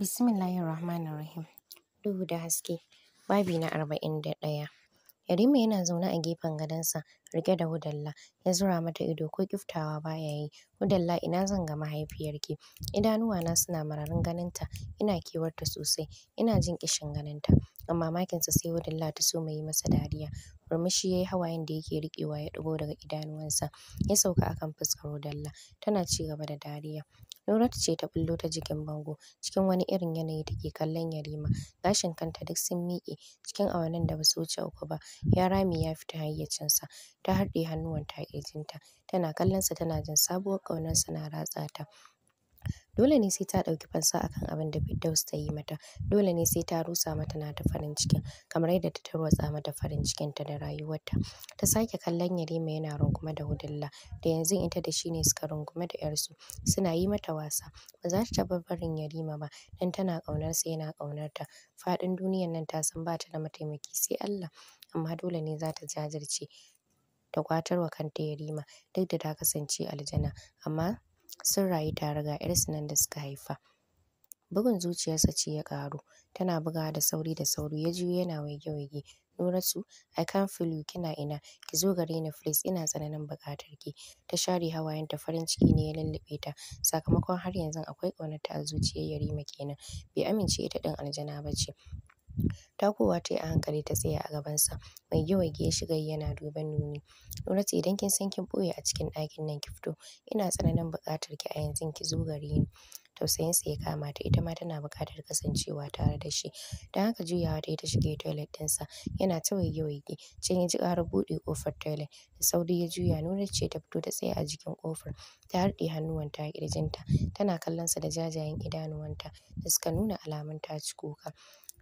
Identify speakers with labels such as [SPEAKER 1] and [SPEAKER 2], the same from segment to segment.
[SPEAKER 1] rahim. Duhu da haske. Babi na arba'in da ɗaya. Yarima yana zaune a gefen gadonsa Rike da Hudalla ya zura mata ido ko kiftawa baya yi. Hudalla ina zan ga mahaifiyarki. Idanuwana suna mararin ganinta ina kewarta sosai ina jin ƙishin ganinta. amma makinsa sai Hudalla ta so yi masa dariya. Murmushi ya yi hawayen da yake riƙewa ya ɗigo daga idanuwansa ya sauka akan fuskar Hudalla tana ci gaba da dariya. nurat ce ta bullo ta jikin bango, cikin wani irin yanayi take kallon Yarima, gashin kanta duk sun miƙe, cikin awannin da basu wuce uku ba, ya rami ya fita hayyacinsa, ta haɗe hannuwanta a ƙirjinta, tana kallonsa tana jin sabuwar ƙaunarsa na ratsa ta. dole ne sai ta ɗauki fansa akan abin da Firdaus ta yi mata dole ne sai ta rusa mata na ta farin cikin kamar yadda ta tarwatsa mata farin cikin ta da rayuwarta ta sake kallon Yarima yana runguma da Hudulla da yanzu ita da shi ne suka rungume da yarsu suna yi mata wasa ba za ta taɓa barin Yarima ba dan tana ƙaunarsa yana ta, faɗin duniyar nan ta san ba ta da mataimaki sai Allah amma dole ne za ta jajirce ta kwatar kanta yarima duk da ta kasance aljana amma sun rayu tare ga yar nan da suka haifa. Bugun zuciyarsa ce ya ƙaru, tana bugawa da sauri da sauri, ya juyo yana waige-waige. Nuratu, I can't feel you, kina ina? Ki zo gare ni please, ina tsananin buƙatar ki. Ta share hawayenta, farin ciki ne ya lulluɓe ta, sakamakon har yanzu akwai ƙaunarta a zuciyar Yarima kenan, bai amince ita ɗin aljana ba ce. Takowa yi a hankali ta tsaya a gabansa. Mai gyauyaye ya shiga yana duban Nuni. Nunatu idan kin san kin ɓoye a cikin ɗakin nan ki fito. Ina tsananin buƙatar ki a yanzu ki zo gare ni. Tausayinsa ya kama ta. Ita ma tana buƙatar kasancewa tare da shi. Don haka juyawa ta yi ta shige toilet ɗinsa. Yana ta waige-waige. Can ya ji ƙarar buɗe ƙofar toilet. Da sauri ya juya. nuna ce ta fito ta tsaye a jikin ƙofar. Ta harɗe hannuwanta a ƙirjinta. Tana kallonsa da jajayen idanuwanta da suka nuna alamun ta ci kuka.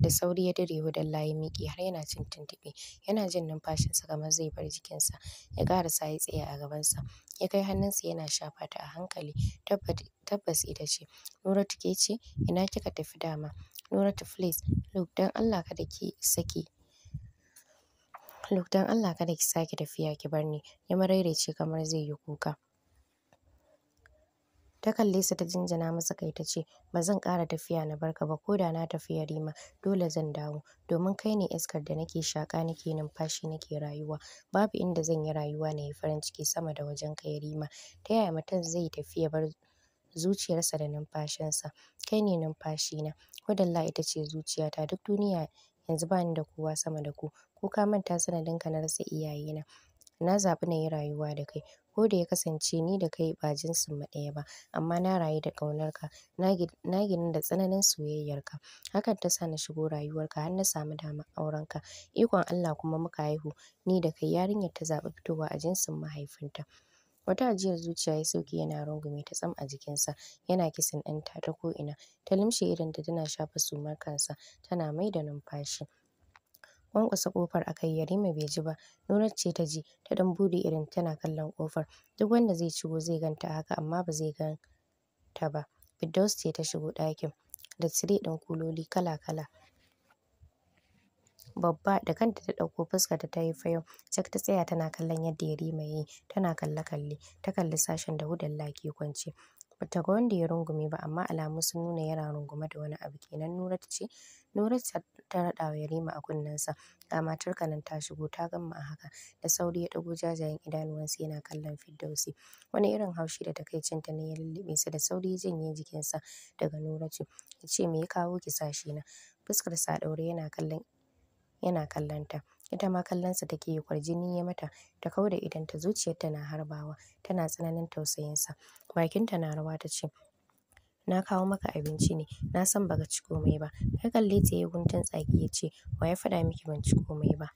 [SPEAKER 1] Da sauri ya dire wudan layi miki har yana cin tuntuɓe, yana jin numfashinsa kamar zai bar jikinsa. Ya ƙarasa ya tsaya a gabansa, ya kai hannunsa yana shafa ta a hankali, tabbas ita ce. Nuratu ke ce? Ina kika tafi dama? Nuratu please, look don Allah kada ki saki Look don Allah kada ki sake tafiya ki bar ni, ya marairaice kamar zai yi kuka. ta kalle su ta jinjina masa kai ta ce ba zan kara tafiya na barka ba ko da na tafi yarima dole zan dawo domin kai ne iskar da nake shaka nake numfashi nake rayuwa babu inda zan yi rayuwa na yi farin ciki sama da wajen ka yarima ta yaya mutum zai tafi ya bar zuciyarsa da numfashinsa kai ne numfashi numfashina wadalla ita ce zuciyata duk duniya yanzu bani da kowa sama da ku ko ka manta sanadinka na rasa iyayena na zaɓi na yi rayuwa da kai, ko da ya kasance ni da kai ba mu ɗaya ba, amma na rayu da ƙaunarka, na ginu da tsananin soyayyarka. Hakan ta sa na shigo rayuwarka har na samu damar aurenka. Ikon Allah kuma muka haihu ni da kai yarinyar ta zaɓi fitowa a jinsin mahaifinta. Wata ajiyar zuciya ya sauke yana rungume ta tsam a jikinsa, yana kisan ɗanta ta ko'ina, ta lumshe idonta tana shafa sumar kansa, tana mai da numfashi. Kwankwasa ƙofar aka Yarima bai ji ba, Nurat ce ta ji, ta ɗan buɗe irin tana kallon ƙofar. Duk wanda zai shigo zai ganta haka amma ba zai gan ta ba. Firdaus ce ta shigo ɗakin, da tire ɗin kuloli kala-kala. Babba da kanta ta ɗauko fuskarta ta yi fayau, cak ta tsaya tana kallon yadda Yarima ya yi, tana kalle-kalle. Ta kalli sashen da Hudalla ke kwance. Bata ga wanda ya rungume ba amma alamu sun nuna yana rungume da wani abu kenan Nura ta ce. Nuratu ta raɗa wa Yarima a kunnensa. Ga matarka nan ta shigo ta gama a haka. Da sauri ya ɗago jajayen idanuwansa yana kallon Firdausi. Wani irin haushi da ta ne ya lulluɓe sa da sauri ya janye jikinsa daga Nuratu. Ya ce me ya kawo ki na Fuskarsa a ɗaure yana kallon yana kallon ta. ita ma kallon kallonsa take yi kwarjini ya mata ta kauda idan idanta zuciyarta na harbawa tana tsananin tausayinsa bakinta na rawa ta ce na kawo maka abinci ne na san baka ci komai ba ya kalle ta ya guntun tsaki ya ce wa ya faɗa miki ban ci komai ba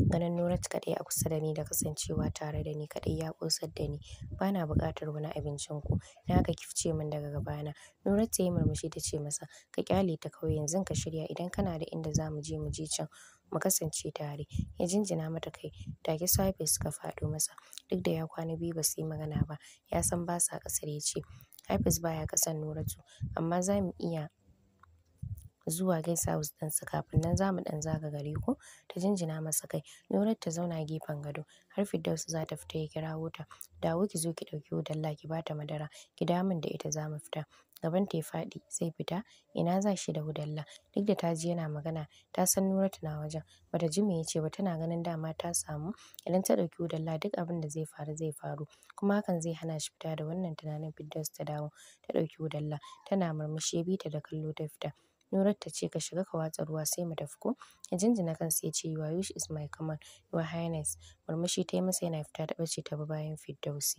[SPEAKER 1] Ganin Nuratu kaɗai a kusa da ni da kasancewa tare da ni kaɗai ya ƙosar da ni. Ba na buƙatar wani abincin ku, na ga kifce min daga gabana. Nuratu ta yi murmushi ta ce masa, Ka kyale ta kawai yanzu ka shirya idan kana da inda za mu je mu je can mu kasance tare. Ya jinjina mata kai, take su suka faɗo masa. Duk da ya kwana biyu ba su yi magana ba, ya san ba sa ƙasar ya ce, Hafiz ba ya ƙasar Nuratu, amma za mu iya zuwa guest house ɗinsu kafin nan za mu ɗan zaga gari ku? ta jinjina masa kai nurar ta zauna gefen gado har fiddaus za ta fita ya kirawo ta dawo ki zo ki ɗauki Udalla ki bata madara ki dawo min da ita za mu fita gaban ta ya faɗi zai fita ina za shi da wudalla duk da ta ji yana magana ta san Nurat na wajen bata ji me yace ba tana ganin dama ta samu idan ta ɗauki wudalla duk abin da zai faru zai faru kuma hakan zai hana shi fita da wannan tunanin fiddaus ta dawo ta ɗauki wudalla tana murmushi ya bi ta da kallo ta fita Nurat ta ce ka shiga ka watsa ruwa sai mu tafi ko? Ya jinjina kansa ya ce your wish is my command, your highness. Murmushi ta yi masa yana fita ta ɓace ta bi bayan Firdausi.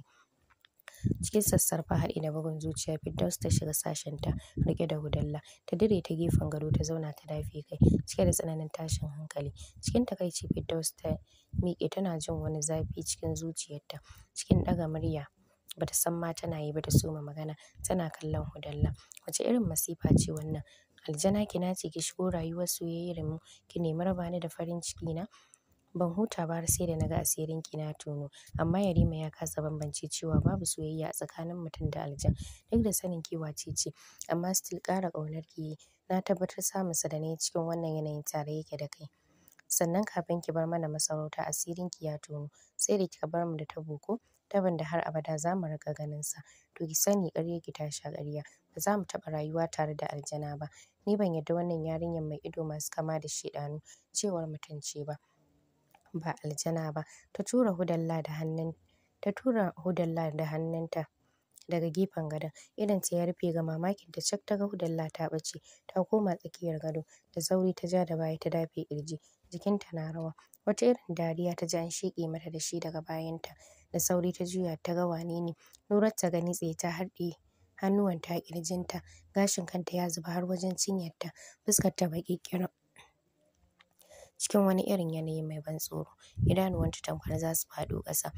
[SPEAKER 1] cikin sassarfa haɗi da bugun zuciya Firdaus ta shiga sashen ta riƙe da hudalla ta dire ta gefen gado ta zauna ta dafe kai cike da tsananin tashin hankali cikin takaici Firdaus ta miƙe tana jin wani zafi cikin zuciyarta cikin ɗaga murya bata san ma tana yi ba ta soma magana tana kallon hudalla wace irin masifa ce wannan aljana ki ce ki shigo rayuwar soyayyar mu ki nemi raba ni da farin ciki na ban huta ba har sai da naga asirin ki na tono amma Yarima ya kasa bambance cewa babu soyayya a tsakanin mutum da aljan duk da sanin ki wace ce amma still kara ƙaunar ki na tabbatar samun sa da nayi cikin wannan yanayin tare yake da kai sannan kafin ki bar mana masarauta asirin ki ya tono sai da kika bar mu da tabo ko tabon da har abada za mu riƙa ganin sa to ki sani ƙarya ki ta sha ƙarya ba za mu taɓa rayuwa tare da aljana ba ni ban yarda wannan yarinyar mai ido masu kama da shaiɗanu cewar mutum ce ba ba aljana ba ta tura hudalla da hannun ta tura hudalla da hannunta daga gefen gadon. Irin ta ya rufe ga mamakinta cak ta ga hudalla ta ɓace. Ta koma tsakiyar gado. Da sauri ta ja da baya ta dafe ƙirji. Jikinta na rawa. Wata irin dariya ta ji an sheƙe mata da shi daga bayanta. Da sauri ta juya ta ga wane ne. Nurar ta gani tsaye ta haɗe hannuwanta a ƙirjinta. Gashin kanta ya zuba har wajen cinyarta. ta baƙi ƙirin. Cikin wani irin yanayi mai ban tsoro. Idanuwanta tamkar za su faɗo ƙasa.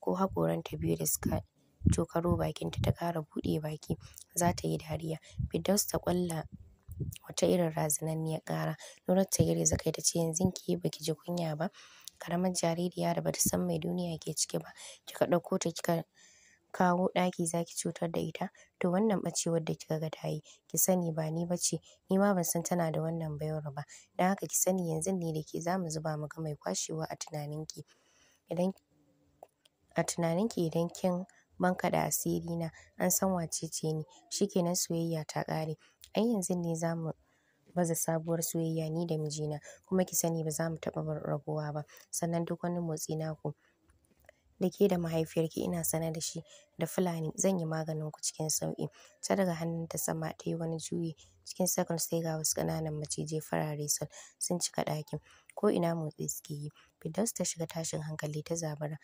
[SPEAKER 1] Ko haƙoranta biyu da suka cokaro bakinta ta ƙara buɗe baki za ta yi dariya. Firdaus ta ƙwalla wata irin razananniyar ƙara. nurar ta yi kai ta ce yanzun ki ba ki ji kunya ba. Karamar jaririya da ba san mai duniya ke ciki ba. Kika ɗauko ta kika kawo ɗaki zaki cutar da ita. To wannan ɓacewar da kika ga tayi, kisani ki sani ba ni bace Ni ma ban san tana da wannan baiwar ba. Don haka ki sani yanzun ne da ke za mu zuba maka mai kwashewa a tunaninki. Idan a tunaninki idan kin banka da asiri na an san wacece ni shikenan soyayya ta ƙare ai yanzu ne zamu baza sabuwar soyayya ni da mijina kuma ki sani ba za mu taɓa bar rabuwa ba sannan duk wani motsi naku da ke da mahaifiyarki ina sanar da shi da Fulani zan yi maganin ku cikin sauƙi. Ta daga hannun ta sama ta yi wani juyi cikin seconds sai ga wasu ƙananan macijai farare sol sun cika ɗakin ko ina motsi suke yi. Firdaus ta shiga tashin hankali ta zabura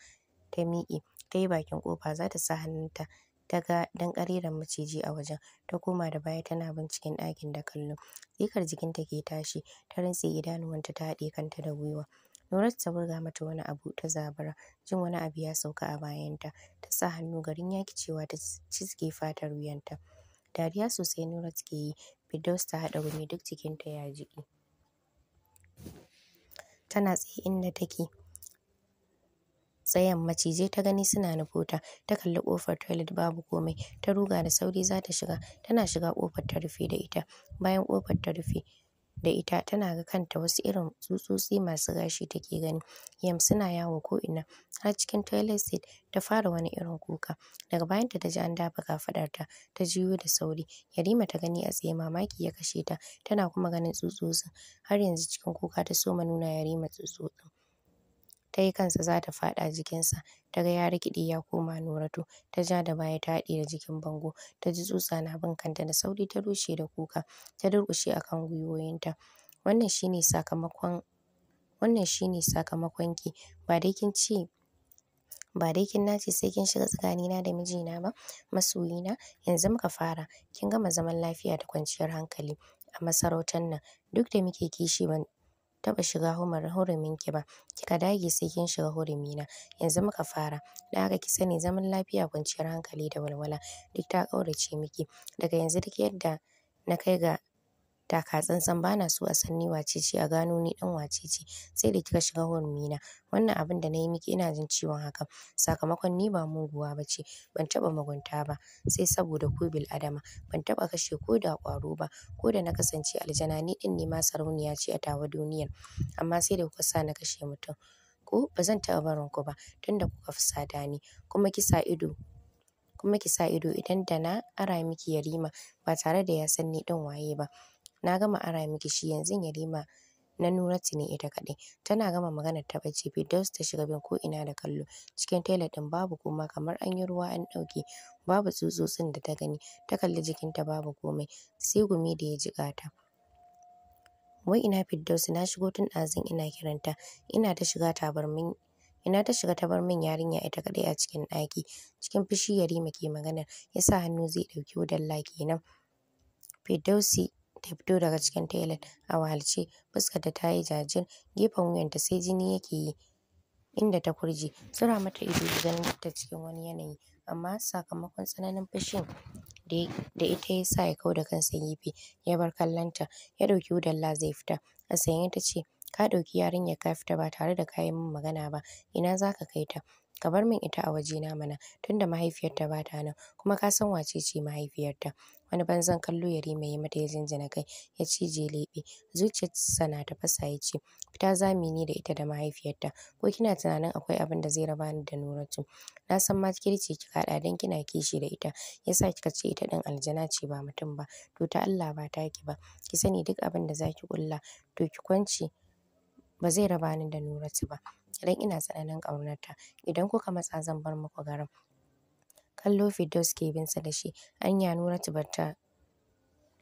[SPEAKER 1] ta miƙe ta bakin kofa za ta sa hannunta ta ga ɗan ƙariran maciji a wajen ta koma da baya tana binciken ɗakin da kallo tsikar jikinta ke tashi ta rintse idanuwanta ta haɗe kanta da gwiwa Nuratu ta burga mata wani abu ta zabara, jin wani abu ya sauka a bayanta ta sa hannu garin yaki cewa ta cizge fatar wuyanta dariya sosai Nuratu ke yi Firdaus ta haɗa gumi duk jikinta ya jiƙe tana tsaye inda take tsayen macizai ta gani suna nufota ta. kalli kofar toilet babu komai. Ta ruga da sauri za ta shiga. Tana shiga kofar ta rufe da ita. Bayan kofar ta rufe da ita tana ga kanta wasu irin tsutsotsi masu gashi take gani. Yam suna yawo ko'ina har cikin toilet seat ta fara wani irin kuka. Daga bayanta ta ji an dafa kafaɗarta ta jiyo da sauri. Yarima ta gani a tsaye mamaki ya kashe ta tana kuma ganin tsutsotsin. Har yanzu cikin kuka ta soma nuna Yarima tsutsotsin. ta kansa za ta faɗa jikinsa ta ga ya rikiɗe ya koma Noratu ta ja da baya ta haɗe da jikin bango ta ji tsutsa na bin kanta da sauri ta rushe da kuka ta durƙushe akan gwiwoyinta wannan shine sakamakon wannan shine sakamakon ki ba dai kin ce ba dai kin nace sai kin shiga tsakanina da mijina ba masoyina yanzu muka fara kin gama zaman lafiya da kwanciyar hankali a masarautar nan duk da muke kishi ban taɓa shiga hurumin ki ba, kika dage sai kin shiga hurumi na. Yanzu muka fara, dan haka ki sani zaman lafiya, kwanciyar hankali da walwala duk ta ƙaurace miki. Daga yanzu duk yadda na kai ga taka tsantsan bana so a san ni wacece a gano ni ɗan wacece sai da kika shiga hurumina wannan abin da nayi miki ina jin ciwon hakan sakamakon ni ba muguwa ba ce ban taba mugunta ba sai saboda ku bil adama ban taba kashe ko da kwaro ba ko da na kasance aljana ni ɗin ne ma sarauniya ce a tawa duniyar amma sai da kuka sa na kashe mutum ko ba zan taɓa barin ku ba tunda kuka fusata ni kuma kisa ido kuma ki sa ido idan da na ara miki yarima ba tare da ya san ni ɗin waye ba na gama ara miki shi yanzun Yarima na Nuratu ne ita kaɗai. Tana gama maganar ta bace Firdaus ta shiga bin ko'ina da kallo. Cikin tela ɗin babu koma kamar an yi ruwa an ɗauke. Babu tsutsotsin da ta gani. Ta kalli jikinta babu komai. Sai gumi da ya jiƙa ta. Wai ina Firdaus na shigo tun ɗazun ina kiranta. Ina ta shiga tabarmin Ina ta shiga ta bar min yarinya ita kaɗai a cikin ɗaki. Cikin fushi Yarima ke maganar. Ya sa hannu zai ɗauki wudalla kenan. Firdausi ta fito daga cikin toilet a wahalce, fuskarta ta yi jajir, gefen wuyanta sai jini yake yi inda ta kurje. Tsura mata ido da ganin ta cikin wani yanayi, amma sakamakon tsananin fushin da ita ya sa ya kau da kansa gefe ya bar kallonta, ya ɗauki wudalla zai fita. A sanye ta ce, “Ka ɗauki yarinyar ka fita ba tare da ka yi min magana ba, ina za ka kai ta?” Ka bar min ita a waje na mana tunda mahaifiyarta ba ta nan kuma ka san wace ce mahaifiyarta. Wani banzan kallo yari ya yi mata ya jinjina kai ya je leɓe. Zuciyarsa na ta fasa ya ce, Fita za mu ni da ita da mahaifiyarta. Ko kina tunanin akwai abin da zai raba ni da Nuratu? Na san ma kirki ki haɗa don kina kishi da ita. yasa kika ce ita ɗin aljana ce ba mutum ba. To ta Allah ba ta ki ba. Ki sani duk abin da zaki kulla ƙulla to ki kwance ba zai raba ni da Nuratu ba. don ina tsananin ƙaunarta. Idan kuka matsa zan bar muku garin. Kallo Firdaus ke binsa da shi, anya nuna ba ta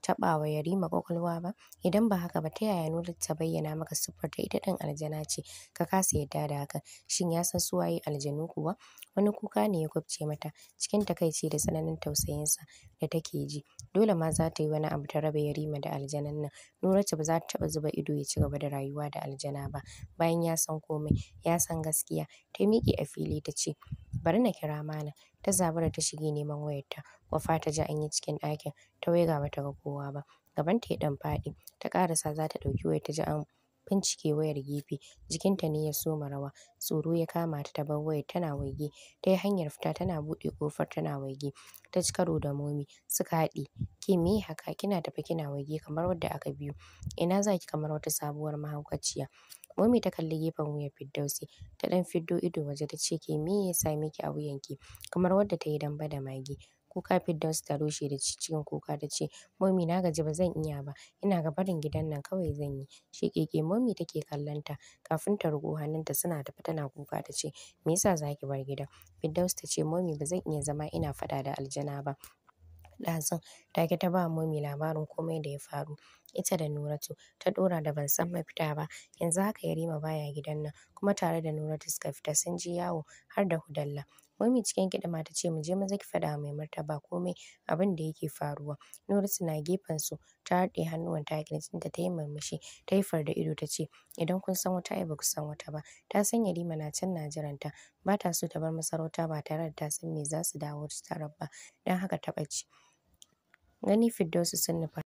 [SPEAKER 1] taɓawa Yarima ƙwaƙwalwa ba? Idan ba haka ba ta yaya Nurat ta bayyana maka siffar ita ɗin aljana ce ka kasa yadda da haka Shin ya san su waye aljanu kuwa? Wani kuka ne ya kwabce mata cikin takaici da tsananin tausayinsa da take ji. Dole ma za ta yi wani abu ta raba Yarima da aljanan nan. ce ba za ta taɓa zuba ido ya ci gaba da rayuwa da aljana ba. Bayan ya san komai, ya san gaskiya. Ta miƙe a fili ta ce Bari na kira malam. Ta zabura ta shige neman wayarta. wafa ta ji an yi cikin ɗakin. Ta waiga ga ta ga kowa ba. Gabanta ya ɗan faɗi. Ta ƙarasa za ta ɗauki wayar ta ji an bincike wayar gefe. Jikinta ne ya soma rawa. Tsoro ya kama ta ta bar wayar tana waige. Ta yi hanyar fita tana buɗe kofar tana waige. Ta ci karo da momi. Suka haɗe. Ke me haka? Kina tafe kina waige kamar wadda aka biyo. Ina zaki kamar wata sabuwar mahaukaciya. Momi ta kalli gefen wuyan Firdausi ta ɗan fiddo ido waje ta ce ke me ya same ki a wuyanki kamar wadda ta yi damba da magi Kuka fiddaus ta rushe da shi cikin kuka ta ce Momi na gaji ba zan iya ba ina ga barin gidan nan kawai zan yi. Sheƙeƙe Momi take kallon ta kafin ta hannun hannunta suna tafe tana kuka ta ce me yasa za ki bar gida? fiddaus ta ce Momi ba zan iya zama ina faɗa da aljana ba. Ɗazun take ta ba Momi labarin komai da ya faru. ita da Nuratu. Ta ɗora da ban san mafita ba, yanzu haka Yarima baya gidan nan, kuma tare da Nuratu suka fita sun ji yawo har da Hudalla. Momi cikin ma ta ce mu je maza ki faɗa mai martaba komai abin da yake faruwa. Nuratu na gefen su ta haɗe hannuwan ta kirjinta ta yi murmushi ta yi farda ido ta ce idan kun san wata ai ba ku san wata ba. Ta san Yarima na can na jiranta ba ta so ta bar masarauta ba tare da ta san me za su dawo su tarar ba don haka ta ɓace. Gani Firdausu sun nufa.